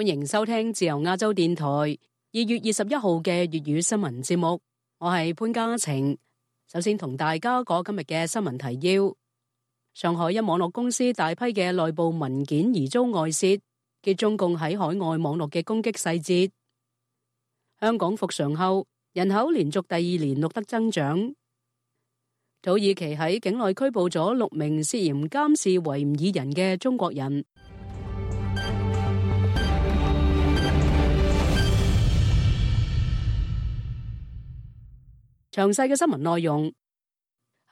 歡迎收聽自由亞洲電台二月二十一號嘅粵語新聞節目，我係潘家晴。首先同大家講今日嘅新聞提要：上海一網絡公司大批嘅內部文件疑遭外泄，揭中共喺海外網絡嘅攻擊細節。香港復常後，人口連續第二年錄得增長。土耳其喺境內拘捕咗六名涉嫌監視維吾爾人嘅中國人。詳細嘅新聞內容，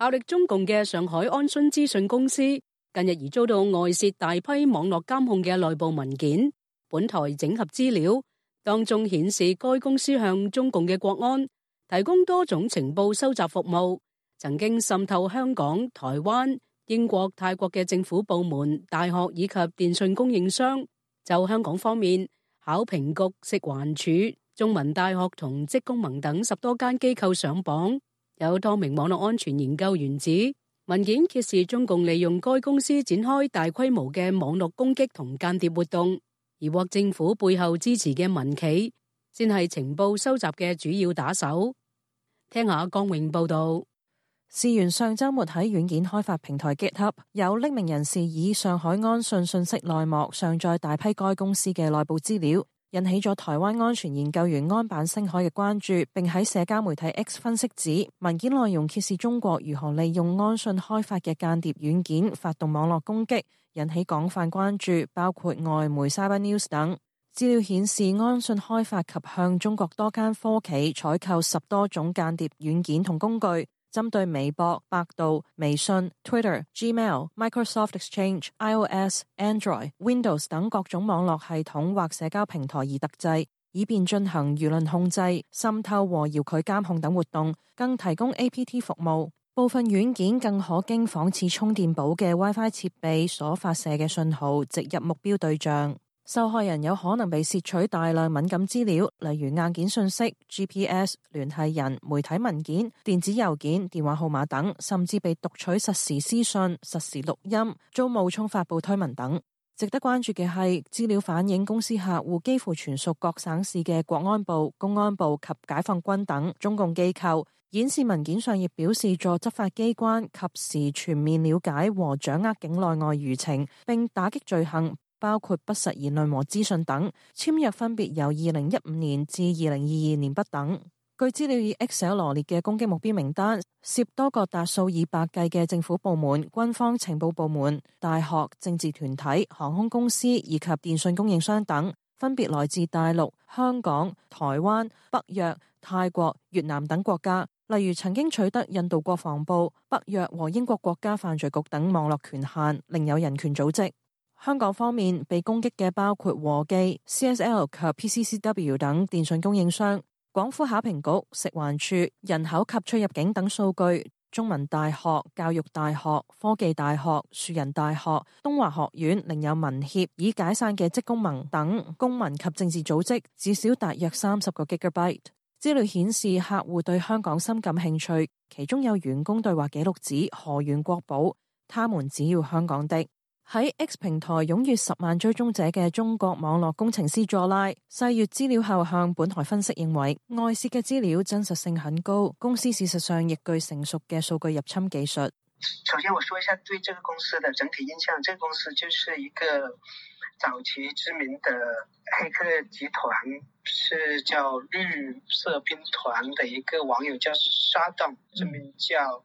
效力中共嘅上海安洵資訊公司近日而遭到外泄大批網絡監控嘅內部文件。本台整合資料，當中顯示該公司向中共嘅國安提供多種情報收集服務，曾經滲透香港、台灣、英國、泰國嘅政府部門、大學以及電信供應商。就香港方面考評、考評局、食環署。中文大學同職工盟等十多間機構上榜，有多名網絡安全研究員指，文件揭示中共利用該公司展開大規模嘅網絡攻擊同間諜活動，而獲政府背後支持嘅民企先係情報收集嘅主要打手。聽下江永報道，事源上周末喺軟件開發平台 GitHub 有匿名人士以上海安信信息內幕上載，大批該公司嘅內部資料。引起咗台灣安全研究員安版星海嘅關注，並喺社交媒體 X 分析指，文件內容揭示中國如何利用安信開發嘅間諜軟件發動網絡攻擊，引起廣泛關注，包括外媒《Cyber News》等。資料顯示，安信開發及向中國多間科企採購十多種間諜軟件同工具。針對微博、百度、微信、Twitter、Gmail、Microsoft Exchange、iOS、Android、Windows 等各種網絡系統或社交平台而特製，以便進行輿論控制、滲透和遙距監控等活動，更提供 APT 服務。部分軟件更可經仿似充電寶嘅 WiFi 設備所發射嘅信號，植入目標對象。受害人有可能被竊取大量敏感資料，例如硬件信息、GPS、聯繫人、媒體文件、電子郵件、電話號碼等，甚至被讀取實時私信、實時錄音，遭冒充發布推文等。值得關注嘅係，資料反映公司客戶幾乎屬全屬各省市嘅國安部、公安部及解放軍等中共機構，顯示文件上亦表示助執法機關及時全面了解和掌握境內外輿情，並打擊罪行。包括不實言論和資訊等簽約，分別由二零一五年至二零二二年不等。據資料以 Excel 羅列嘅攻擊目標名單，涉多個達數以百計嘅政府部門、軍方情報部門、大學、政治團體、航空公司以及電信供應商等，分別來自大陸、香港、台灣、北約、泰國、越南等國家。例如，曾經取得印度國防部、北約和英國國家犯罪局等網絡權限，另有人權組織。香港方面被攻擊嘅包括和記、C.S.L 及 P.C.C.W 等電信供應商、港府考評局、食環署、人口及出入境等數據、中文大學、教育大學、科技大學、樹人大學、東華學院，另有民協已解散嘅職工盟等公民及政治組織，至少大約三十個 Gigabyte。資料顯示，客戶對香港深感興趣，其中有員工對話記錄指河源國保，他們只要香港的。喺 X 平台擁有十萬追蹤者嘅中國網絡工程師佐拉，細閱資料後向本台分析認為，外洩嘅資料真實性很高，公司事實上亦具成熟嘅數據入侵技術。首先，我說一下對這個公司的整體印象，這個公司就是一個早期知名的黑客集團，是叫綠色兵團的一個網友，叫沙董，真名叫。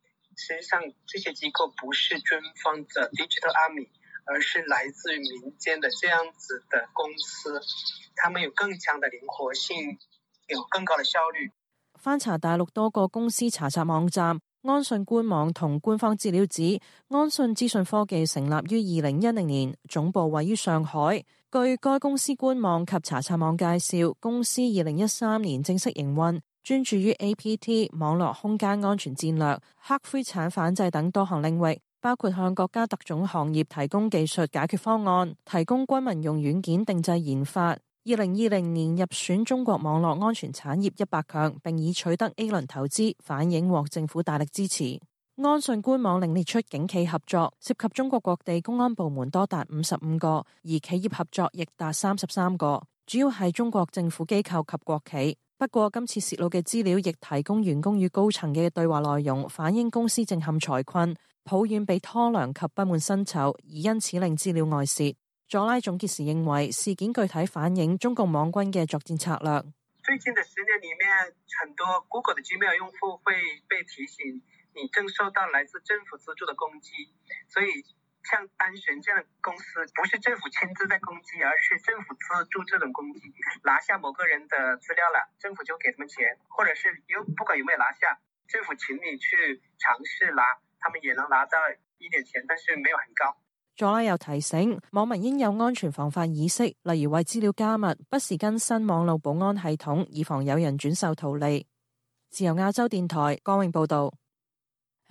實際上，這些機構不是軍方的 digital army，而是來自於民間的這樣子的公司，他們有更強的靈活性，有更高的效率。翻查大陸多個公司查冊網站，安信官網同官方資料指，安信資訊科技成立於二零一零年，總部位於上海。據該公司官網及查冊網介紹，公司二零一三年正式營運。專注於 APT 網絡空間安全戰略、黑灰產反制等多項領域，包括向國家特種行業提供技術解決方案，提供軍民用軟件定製研發。二零二零年入選中國網絡安全產業一百強，並已取得 A 輪投資，反映獲政府大力支持。安信官網另列出警企合作，涉及中國各地公安部門多達五十五個，而企業合作亦達三十三個，主要係中國政府機構及國企。不過，今次洩露嘅資料亦提供員工與高層嘅對話內容，反映公司正陷財困，抱怨被拖糧及不滿薪酬，而因此令資料外泄。佐拉總結時認為，事件具體反映中共網軍嘅作戰策略。最近嘅十年裏面，很多 Google 嘅 Gmail 用戶會被提醒，你正受到來自政府資助嘅攻擊，所以。像安訊這樣的公司，不是政府親自在攻擊，而是政府資助這種攻擊，拿下某個人的資料了，政府就給他們錢，或者是有不管有沒有拿下，政府請你去嘗試拿，他們也能拿到一點錢，但是沒有很高。左拉有提醒網民應有安全防範意識，例如為資料加密，不時更新網絡保安系統，以防有人轉售圖利。自由亞洲電台郭穎報道。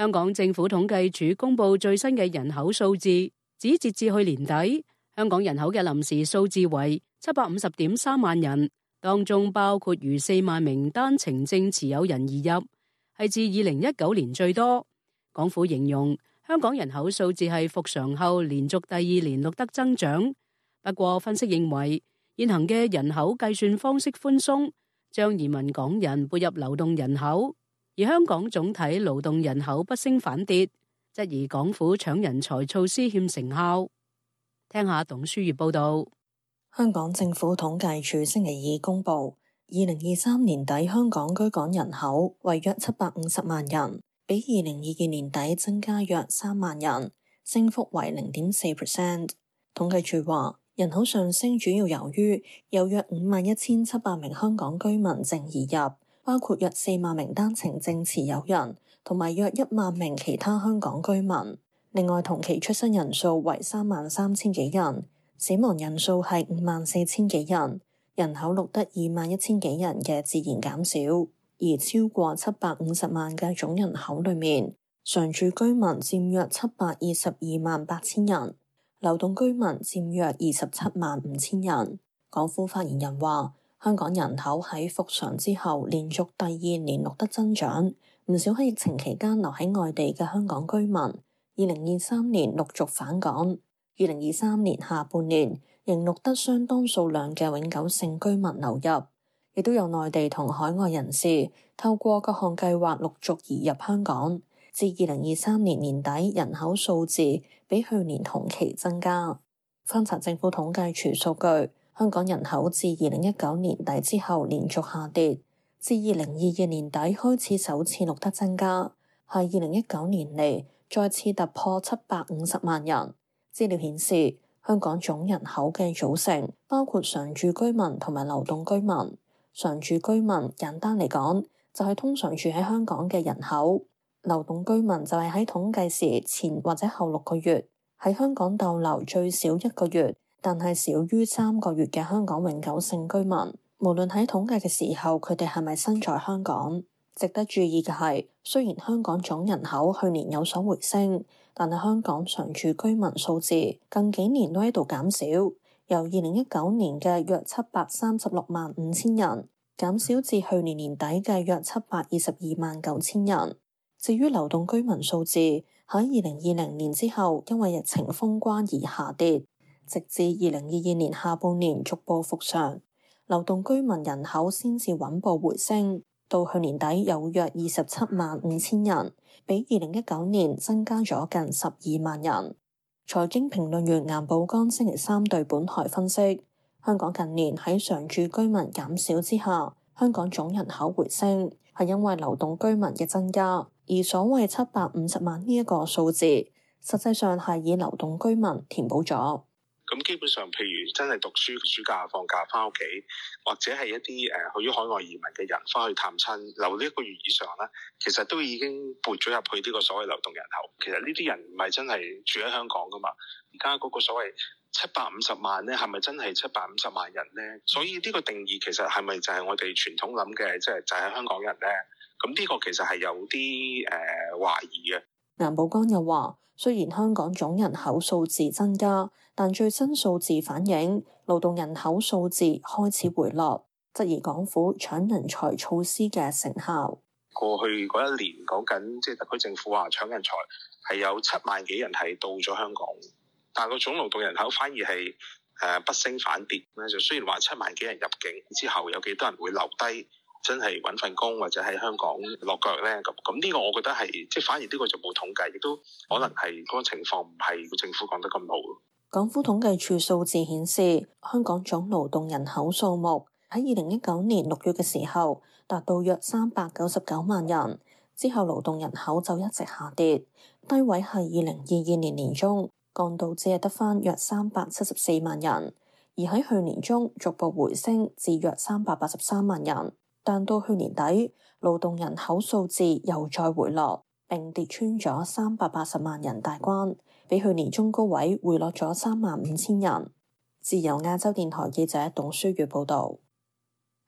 香港政府統計處公布最新嘅人口數字，指截至去年底，香港人口嘅臨時數字為七百五十點三萬人，當中包括逾四萬名單程證持有人移入，係自二零一九年最多。港府形容香港人口數字係復常後連續第二年錄得增長，不過分析認為現行嘅人口計算方式寬鬆，將移民港人撥入流動人口。而香港總體勞動人口不升反跌，質疑港府搶人才措施欠成效。聽下董書月報道，香港政府統計處星期二公布，二零二三年底香港居港人口為約七百五十萬人，比二零二二年底增加約三萬人，升幅為零點四 percent。統計處話，人口上升主要由於有約五萬一千七百名香港居民正移入。包括約四萬名單程證持有人，同埋約一萬名其他香港居民。另外，同期出生人數為三萬三千幾人，死亡人數係五萬四千幾人，人口錄得二萬一千幾人嘅自然減少。而超過七百五十萬嘅總人口裏面，常住居民佔約七百二十二萬八千人，流動居民佔約二十七萬五千人。港府發言人話：香港人口喺復常之後，連續第二年錄得增長。唔少喺疫情期間留喺外地嘅香港居民，二零二三年陸續返港。二零二三年下半年，仍錄得相當數量嘅永久性居民流入，亦都有內地同海外人士透過各項計劃陸續移入香港。至二零二三年年底，人口數字比去年同期增加。翻查政府統計處數據。香港人口自二零一九年底之後連續下跌，至二零二二年底開始首次錄得增加，喺二零一九年嚟再次突破七百五十萬人。資料顯示，香港總人口嘅組成包括常住居民同埋流動居民。常住居民簡單嚟講，就係通常住喺香港嘅人口；流動居民就係喺統計時前或者後六個月喺香港逗留最少一個月。但係少於三個月嘅香港永久性居民，無論喺統計嘅時候，佢哋係咪身在香港。值得注意嘅係，雖然香港總人口去年有所回升，但係香港常住居民數字近幾年都喺度減少，由二零一九年嘅約七百三十六萬五千人減少至去年年底嘅約七百二十二萬九千人。至於流動居民數字喺二零二零年之後，因為疫情封關而下跌。直至二零二二年下半年逐步復常，流動居民人口先至穩步回升，到去年底有約二十七萬五千人，比二零一九年增加咗近十二萬人。財經評論員顏寶剛星期三對本台分析，香港近年喺常住居民減少之下，香港總人口回升係因為流動居民嘅增加，而所謂七百五十萬呢一個數字，實際上係以流動居民填補咗。咁基本上，譬如真係讀書暑假放假翻屋企，或者係一啲誒去於海外移民嘅人翻去探親留呢一個月以上咧，其實都已經撥咗入去呢個所謂流動人口。其實呢啲人唔係真係住喺香港噶嘛。而家嗰個所謂七百五十萬咧，係咪真係七百五十萬人咧？所以呢個定義其實係咪就係我哋傳統諗嘅，即係就係、是、香港人咧？咁呢個其實係有啲誒懷疑嘅。南寶江又話，雖然香港總人口數字增加。但最新數字反映勞動人口數字開始回落，質疑港府搶人才措施嘅成效。過去嗰一年講緊，即係特區政府話搶人才係有七萬幾人係到咗香港，但係個總勞動人口反而係誒不升反跌咧。就雖然話七萬幾人入境之後有幾多人會留低，真係揾份工或者喺香港落腳咧，咁咁呢個我覺得係即係反而呢個就冇統計，亦都可能係嗰個情況唔係政府講得咁好。港府統計處數字顯示，香港總勞動人口數目喺二零一九年六月嘅時候達到約三百九十九萬人，之後勞動人口就一直下跌，低位係二零二二年年中，降到只係得翻約三百七十四萬人，而喺去年中逐步回升至約三百八十三萬人，但到去年底，勞動人口數字又再回落。並跌穿咗三百八十萬人大關，比去年中高位回落咗三萬五千人。自由亞洲電台記者董書月報道：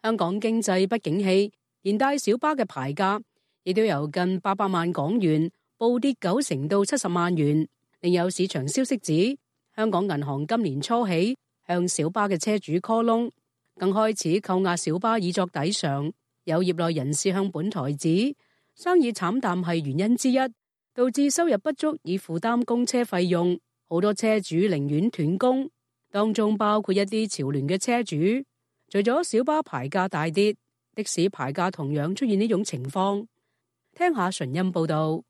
香港經濟不景氣，連帶小巴嘅牌價亦都由近八百萬港元暴跌九成到七十萬元。另有市場消息指，香港銀行今年初起向小巴嘅車主 call loan，更開始扣押小巴以作抵償。有業內人士向本台指。生意慘淡係原因之一，導致收入不足以負擔供車費用，好多車主寧願斷供，當中包括一啲潮聯嘅車主。除咗小巴牌價大跌，的士牌價同樣出現呢種情況。聽下純音報道，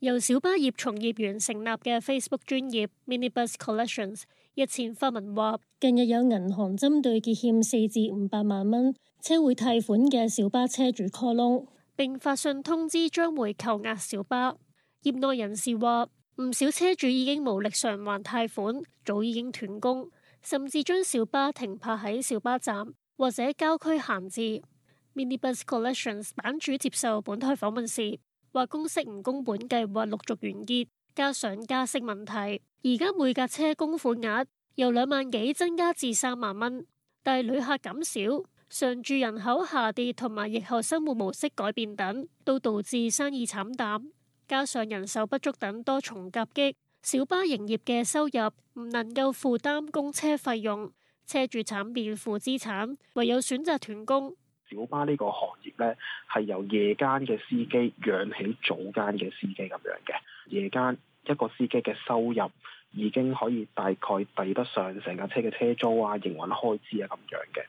由小巴業從業員成立嘅 Facebook 專業 Minibus Collections 日前發文話，近日有銀行針對結欠四至五百萬蚊車會貸款嘅小巴車主 call 窿並發信通知將會扣押小巴。業內人士話，唔少車主已經無力償還貸款，早已經斷供，甚至將小巴停泊喺小巴站或者郊區閒置。 Minibus Collections 版主接受本台訪問時話，公式唔供本計劃陸續完結，加上加息問題，而家每架車供款額由兩萬幾增加至三萬蚊，但旅客減少。常住人口下跌同埋疫後生活模式改變等，都導致生意慘淡，加上人手不足等多重夾擊，小巴營業嘅收入唔能夠負擔公車費用，車主慘變負資產，唯有選擇斷供。小巴呢個行業呢，係由夜間嘅司機養起早間嘅司機咁樣嘅，夜間一個司機嘅收入已經可以大概抵得上成架車嘅車租啊、營運開支啊咁樣嘅。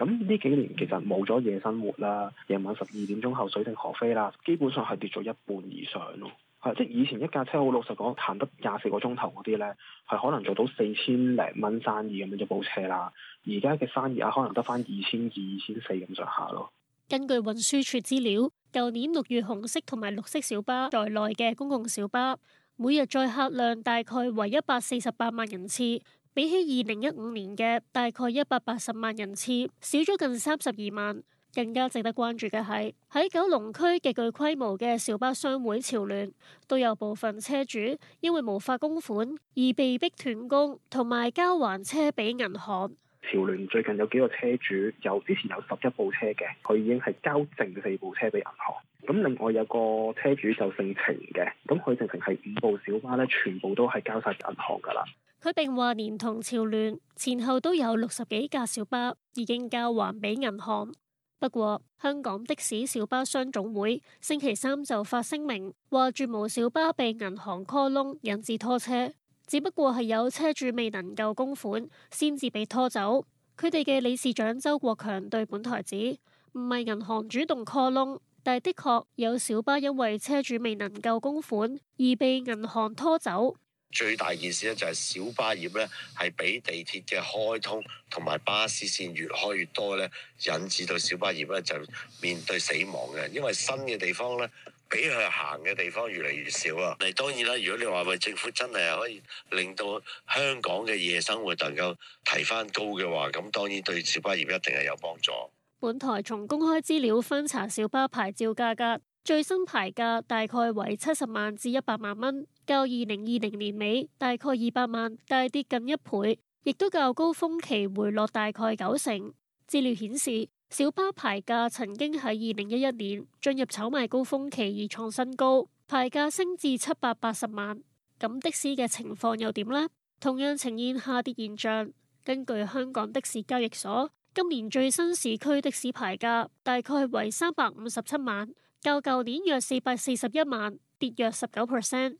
咁呢幾年其實冇咗夜生活啦，夜晚十二點鐘後水定河飛啦，基本上係跌咗一半以上咯。係即係以前一架車好老實講，行得廿四個鐘頭嗰啲咧，係可能做到四千零蚊生意咁樣一部車啦。而家嘅生意啊，可能得翻二千二千四咁上下咯。2, 2, 根據運輸署資料，舊年六月紅色同埋綠色小巴在內嘅公共小巴，每日載客量大概為一百四十八萬人次。比起二零一五年嘅大概一百八十萬人次，少咗近三十二萬。更加值得關注嘅係喺九龍區極具規模嘅小巴商會潮聯都有部分車主因為無法供款而被逼斷供，同埋交還車俾銀行。潮聯最近有幾個車主有之前有十一部車嘅，佢已經係交剩四部車俾銀行。咁另外有個車主就姓程嘅，咁佢直情係五部小巴咧，全部都係交晒銀行噶啦。佢並話連同潮聯前後都有六十幾架小巴已經交還俾銀行。不過香港的士小巴商總會星期三就發聲明話絕無小巴被銀行 call loan 引致拖車，只不過係有車主未能夠供款先至被拖走。佢哋嘅理事長周國強對本台指唔係銀行主動 call loan。但係的確有小巴因為車主未能夠供款而被銀行拖走。最大件事咧就係小巴業咧係俾地鐵嘅，開通同埋巴士線越開越多咧，引致到小巴業咧就面對死亡嘅。因為新嘅地方咧俾佢行嘅地方越嚟越少啦。嗱，當然啦，如果你話喂，政府真係可以令到香港嘅夜生活能夠提返高嘅話，咁當然對小巴業一定係有幫助。本台從公開資料翻查小巴牌照價格，最新牌價大概為七十萬至一百萬蚊，較二零二零年尾大概二百萬，大跌近一倍，亦都較高峰期回落大概九成。資料顯示，小巴牌價曾經喺二零一一年進入炒賣高峰期而創新高，牌價升至七百八十萬。咁的士嘅情況又點呢？同樣呈現下跌現象。根據香港的士交易所。今年最新市區的士牌價大概為三百五十七萬，較舊年約四百四十一萬，跌約十九 percent。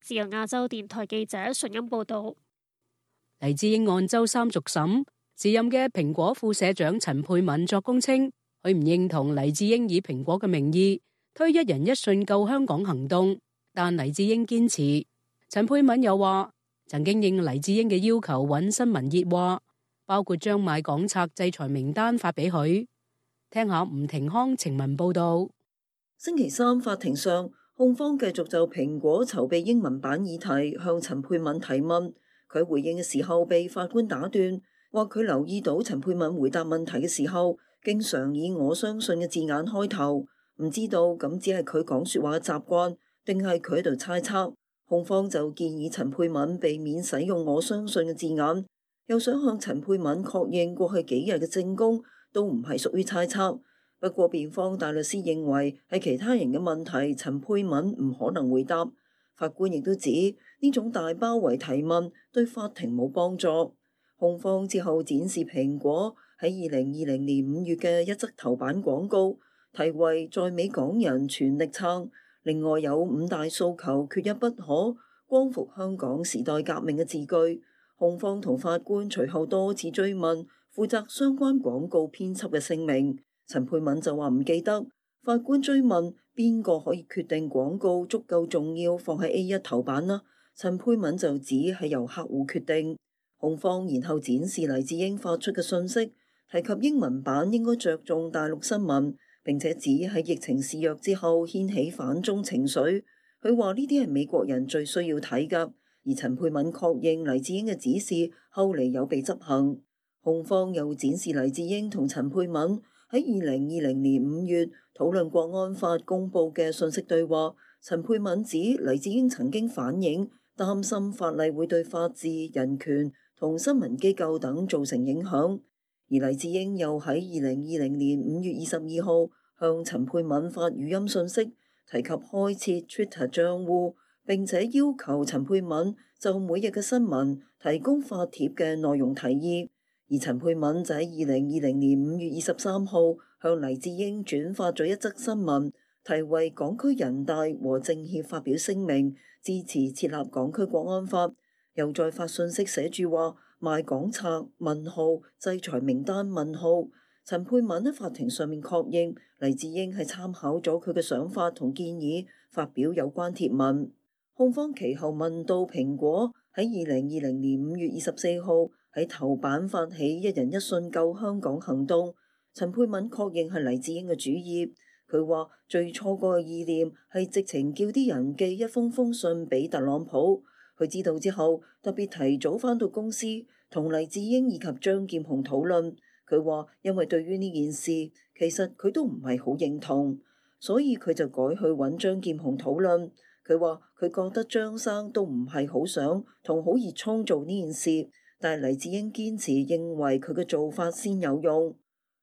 自由亞洲電台記者純音報道。黎智英案周三續審，時任嘅蘋果副社長陳沛敏作供稱，佢唔認同黎智英以蘋果嘅名義推一人一信救香港行動，但黎智英堅持。陳沛敏又話，曾經應黎智英嘅要求揾新聞熱話。包括將賣港賊制裁名單發俾佢聽下。吳庭康呈文報道，星期三法庭上，控方繼續就蘋果籌備英文版議題向陳佩敏提問。佢回應嘅時候被法官打斷，話佢留意到陳佩敏回答問題嘅時候，經常以我相信嘅字眼開頭，唔知道咁只係佢講說話嘅習慣，定係佢喺度猜測。控方就建議陳佩敏避免使用我相信嘅字眼。又想向陳佩敏確認過去幾日嘅證供都唔係屬於猜測。不過辯方大律師認為係其他人嘅問題，陳佩敏唔可能回答。法官亦都指呢種大包圍提問對法庭冇幫助。控方之後展示蘋果喺二零二零年五月嘅一則頭版廣告，題為《在美港人全力撐》，另外有五大訴求缺一不可，光復香港時代革命嘅字句。控方同法官隨後多次追問負責相關廣告編輯嘅聲明。陳佩敏就話唔記得。法官追問邊個可以決定廣告足夠重要放喺 A 一頭版啦，陳佩敏就指係由客戶決定。控方然後展示黎智英發出嘅信息，提及英文版應該着重大陸新聞，並且指喺疫情肆虐之後掀起反中情緒，佢話呢啲係美國人最需要睇噶。而陳佩敏確認黎智英嘅指示後嚟有被執行，控方又展示黎智英同陳佩敏喺二零二零年五月討論《國安法》公布嘅信息對話。陳佩敏指黎智英曾經反映擔心法例會對法治、人權同新聞機構等造成影響，而黎智英又喺二零二零年五月二十二號向陳佩敏發語音信息，提及開設 Twitter 賬戶。並且要求陳佩敏就每日嘅新聞提供發帖嘅內容提議，而陳佩敏就喺二零二零年五月二十三號向黎智英轉發咗一則新聞，題為港區人大和政協發表聲明，支持設立港區國安法。又再發信息寫住話賣港賊問號制裁名單問號。陳佩敏喺法庭上面確認，黎智英係參考咗佢嘅想法同建議，發表有關貼文。控方其後問到蘋果喺二零二零年五月二十四號喺頭版發起一人一信救香港行動，陳佩敏確認係黎智英嘅主意。佢話最初個意念係直情叫啲人寄一封封信俾特朗普。佢知道之後，特別提早返到公司同黎智英以及張劍虹討論。佢話因為對於呢件事，其實佢都唔係好認同，所以佢就改去揾張劍虹討論。佢話：佢覺得張生都唔係好想同好熱衷做呢件事，但係黎智英堅持認為佢嘅做法先有用。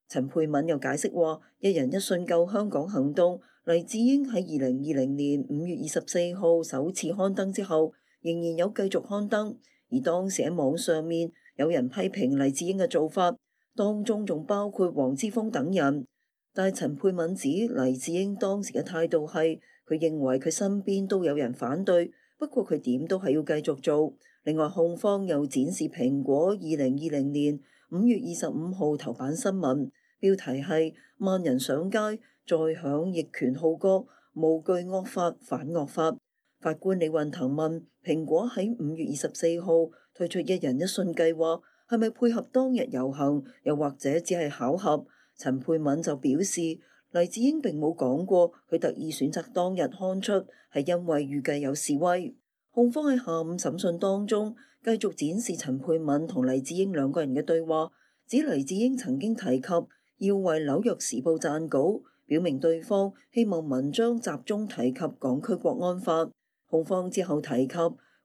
陳佩敏又解釋話：一人一信救香港行動，黎智英喺二零二零年五月二十四號首次刊登之後，仍然有繼續刊登。而當時喺網上面有人批評黎智英嘅做法，當中仲包括黃之鋒等人。但係陳佩敏指黎智英當時嘅態度係。佢認為佢身邊都有人反對，不過佢點都係要繼續做。另外控方又展示蘋果二零二零年五月二十五號頭版新聞，標題係萬人上街再響逆權號角，無懼惡法反惡法。法官李運騰問蘋果喺五月二十四號推出一人一信計劃，係咪配合當日遊行，又或者只係巧合？陳佩敏就表示。黎智英並冇講過，佢特意選擇當日刊出，係因為預計有示威。控方喺下午審訊當中，繼續展示陳佩敏同黎智英兩個人嘅對話，指黎智英曾經提及要為《紐約時報》撰稿，表明對方希望文章集中提及港區國安法。控方之後提及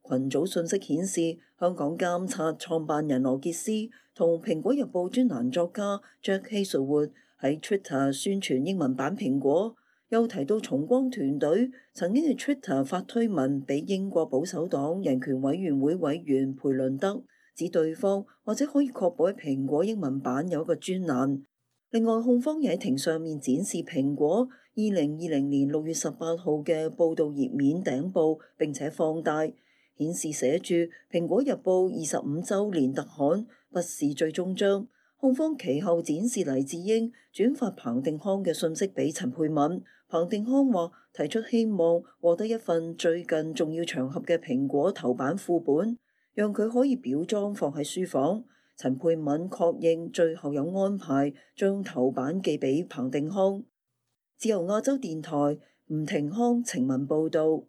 群組訊息顯示，香港監察創辦人羅傑斯同《蘋果日報》專欄作家 Jack Hazlewood，喺 Twitter 宣傳英文版蘋果，又提到重光團隊曾經喺 Twitter 發推文俾英國保守黨人權委員會委員裴倫德，指對方或者可以確保喺蘋果英文版有一個專欄。另外控方亦喺庭上面展示蘋果二零二零年六月十八號嘅報道頁面頂部，並且放大顯示寫住《蘋果日報》二十五週年特刊不是最終章。控方其後展示黎智英轉發彭定康嘅信息俾陳佩敏。彭定康話，提出希望獲得一份最近重要場合嘅蘋果頭版副本，讓佢可以表裝放喺書房。陳佩敏確認最後有安排將頭版寄俾彭定康。自由亞洲電台吳庭康呈文報道：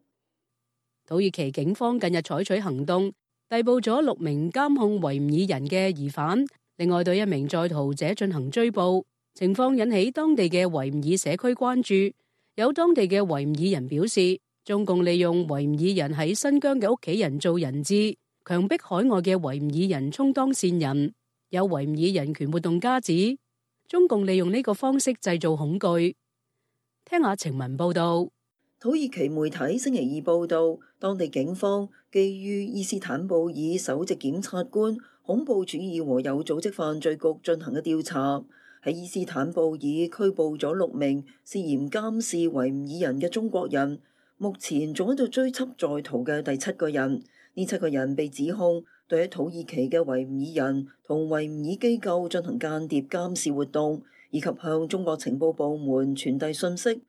土耳其警方近日採取行動，逮捕咗六名監控維吾爾人嘅疑犯。另外，對一名在逃者進行追捕，情況引起當地嘅維吾爾社區關注。有當地嘅維吾爾人表示，中共利用維吾爾人喺新疆嘅屋企人做人質，強迫海外嘅維吾爾人充當線人。有維吾爾人權活動家指，中共利用呢個方式製造恐懼。聽下情文報道。土耳其媒體星期二報道，當地警方基於伊斯坦布爾首席檢察官恐怖主義和有組織犯罪局進行嘅調查，喺伊斯坦布爾拘捕咗六名涉嫌監視維吾爾人嘅中國人，目前仲喺度追緝在逃嘅第七個人。呢七個人被指控對喺土耳其嘅維吾爾人同維吾爾機構進行間諜監視活動，以及向中國情報部門傳遞信息。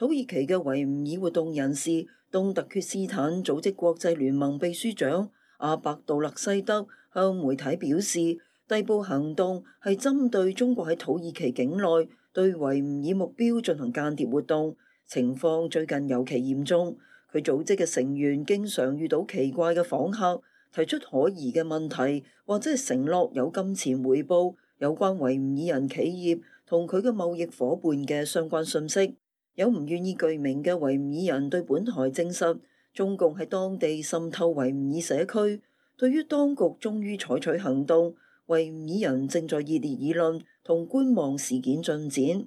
土耳其嘅維吾爾活動人士，東突厥斯坦組織國際聯盟秘書長阿伯杜勒西德向媒體表示，逮捕行動係針對中國喺土耳其境內對維吾爾目標進行間諜活動，情況最近尤其嚴重。佢組織嘅成員經常遇到奇怪嘅訪客，提出可疑嘅問題，或者承諾有金錢回報有關維吾爾人企業同佢嘅貿易伙伴嘅相關信息。有唔願意具名嘅維吾爾人對本台證實，中共喺當地滲透維吾爾社區。對於當局終於採取行動，維吾爾人正在熱烈議論同觀望事件進展。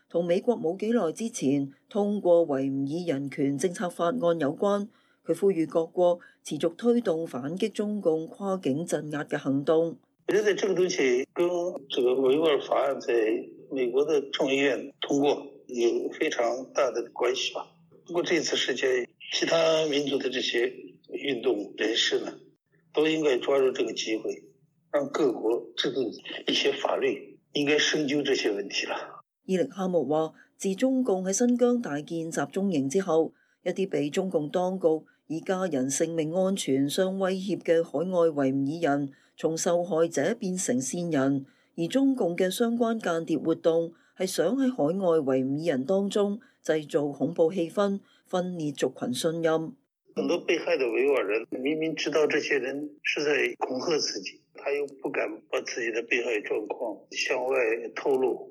同美國冇幾耐之前通過維吾爾人權政策法案有關，佢呼籲各國持續推動反擊中共跨境鎮壓嘅行動。我覺得這個東西跟這個維吾爾法案在美國的眾議院通過有非常大的關係吧。不過這次事件，其他民族的這些運動人士呢，都應該抓住這個機會，讓各國制定一些法律，應該深究這些問題啦。伊力哈木話，自中共喺新疆大建集中營之後，一啲被中共當局以家人性命安全相威脅嘅海外維吾爾人，從受害者變成線人，而中共嘅相關間諜活動係想喺海外維吾爾人當中製造恐怖氣氛，分裂族群信任。很多被害嘅維吾爾人明明知道這些人是在恐吓自己，他又不敢把自己的被害狀況向外透露。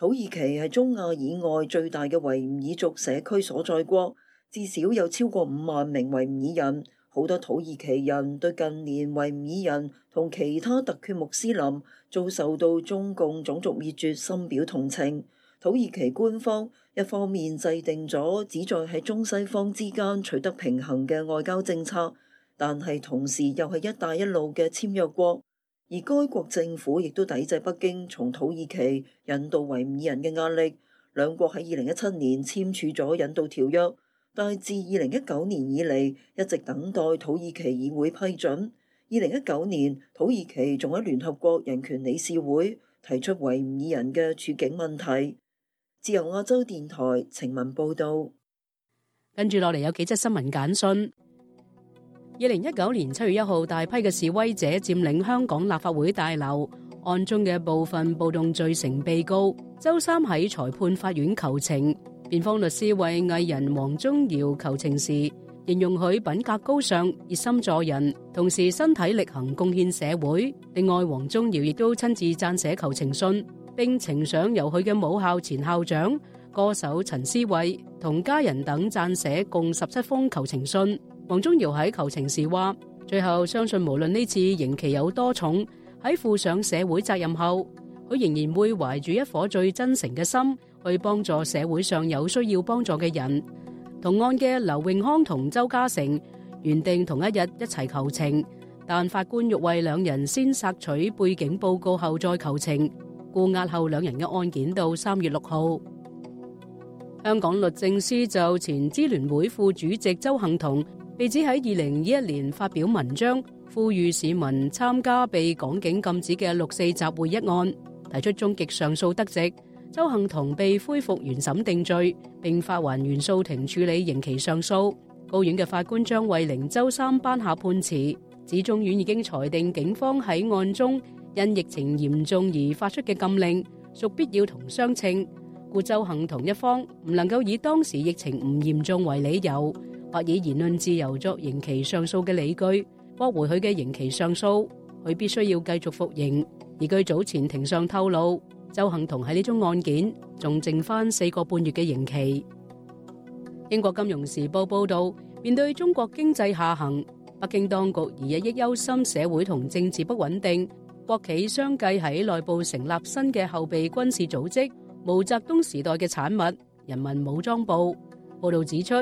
土耳其係中亞以外最大嘅維吾爾族社區所在國，至少有超過五萬名維吾爾人。好多土耳其人對近年維吾爾人同其他突厥穆斯林遭受到中共種族滅絕深表同情。土耳其官方一方面制定咗旨在喺中西方之間取得平衡嘅外交政策，但係同時又係一帶一路嘅簽約國。而該國政府亦都抵制北京從土耳其引渡維吾爾人嘅壓力。兩國喺二零一七年簽署咗引渡條約，但係自二零一九年以嚟一直等待土耳其議會批准。二零一九年，土耳其仲喺聯合國人權理事會提出維吾爾人嘅處境問題。自由亞洲電台情文報道。跟住落嚟有幾則新聞簡訊。二零一九年七月一號，大批嘅示威者佔領香港立法會大樓，案中嘅部分暴動罪成被告，周三喺裁判法院求情，辯方律師為藝人王宗堯求情時，形容佢品格高尚、熱心助人，同時身體力行貢獻社會。另外，王宗堯亦都親自撰寫求情信，並呈上由佢嘅母校前校長、歌手陳思慧同家人等撰寫共十七封求情信。王宗堯喺求情時話，最後相信無論呢次刑期有多重，喺負上社會責任後，佢仍然會懷住一顆最真誠嘅心去幫助社會上有需要幫助嘅人。同案嘅劉永康同周家誠原定同一日一齊求情，但法官欲為兩人先索取背景報告後再求情，故押後兩人嘅案件到三月六號。香港律政司就前支聯會副主席周幸彤被指喺二零二一年發表文章，呼籲市民參加被港警禁止嘅六四集會一案，提出終極上訴得直。周幸彤被恢復原審定罪，並發還原訴庭處理刑期上訴。高院嘅法官張慧玲周三頒下判詞，指中院已經裁定警方喺案中因疫情嚴重而發出嘅禁令屬必要同相稱，故周幸彤一方唔能夠以當時疫情唔嚴重為理由或以言論自由作刑期上訴嘅理據，駁回佢嘅刑期上訴，佢必須要繼續服刑。而據早前庭上透露，鄒幸彤喺呢宗案件仲剩翻四個半月嘅刑期。英國金融時報報道，面對中國經濟下行，北京當局而日益憂心社會同政治不穩定，國企相繼喺內部成立新嘅後備軍事組織，毛澤東時代嘅產物人民武裝部。報道指出。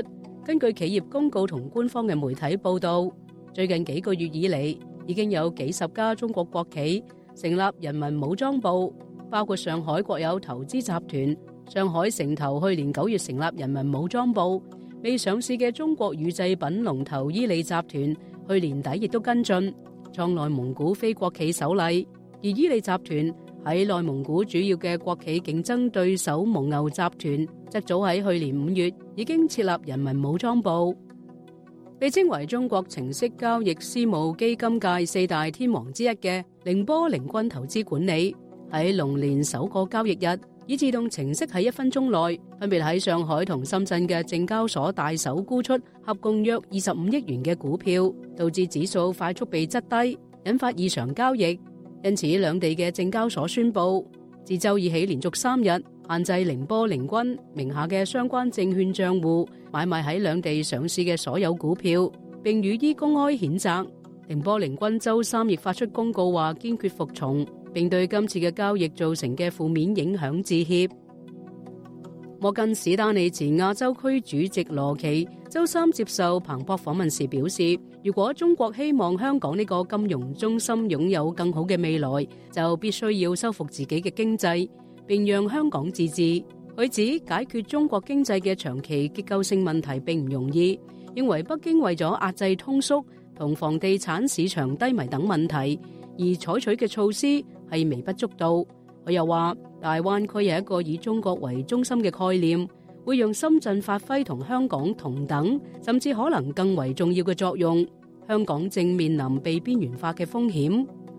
根據企業公告同官方嘅媒體報導，最近幾個月以嚟，已經有幾十家中國國企成立人民武裝部，包括上海國有投資集團、上海城投去年九月成立人民武裝部，未上市嘅中國乳製品龍頭伊利集團去年底亦都跟進，創內蒙古非國企首例。而伊利集團喺內蒙古主要嘅國企競爭對手蒙牛集團，則早喺去年五月已經設立人民武裝部，被稱為中國程式交易私募基金界四大天王之一嘅寧波靈均投資管理，喺龍年首個交易日，以自動程式喺一分鐘內分別喺上海同深圳嘅證交所大手沽出，合共約二十五億元嘅股票，導致指數快速被質低，引發異常交易，因此兩地嘅證交所宣布，自周二起連續三日。限制寧波凌軍名下嘅相關證券賬戶買賣喺兩地上市嘅所有股票，並予以公開譴責。寧波凌軍周三亦發出公告話堅決服從，並對今次嘅交易造成嘅負面影響致歉。摩根士丹利前亞洲區主席羅奇周三接受彭博訪問時表示，如果中國希望香港呢個金融中心擁有更好嘅未來，就必須要修復自己嘅經濟。並讓香港自治。佢指解決中國經濟嘅長期結構性問題並唔容易，認為北京為咗壓制通縮同房地產市場低迷等問題而採取嘅措施係微不足道。佢又話，大灣區係一個以中國為中心嘅概念，會讓深圳發揮同香港同等甚至可能更為重要嘅作用，香港正面臨被邊緣化嘅風險。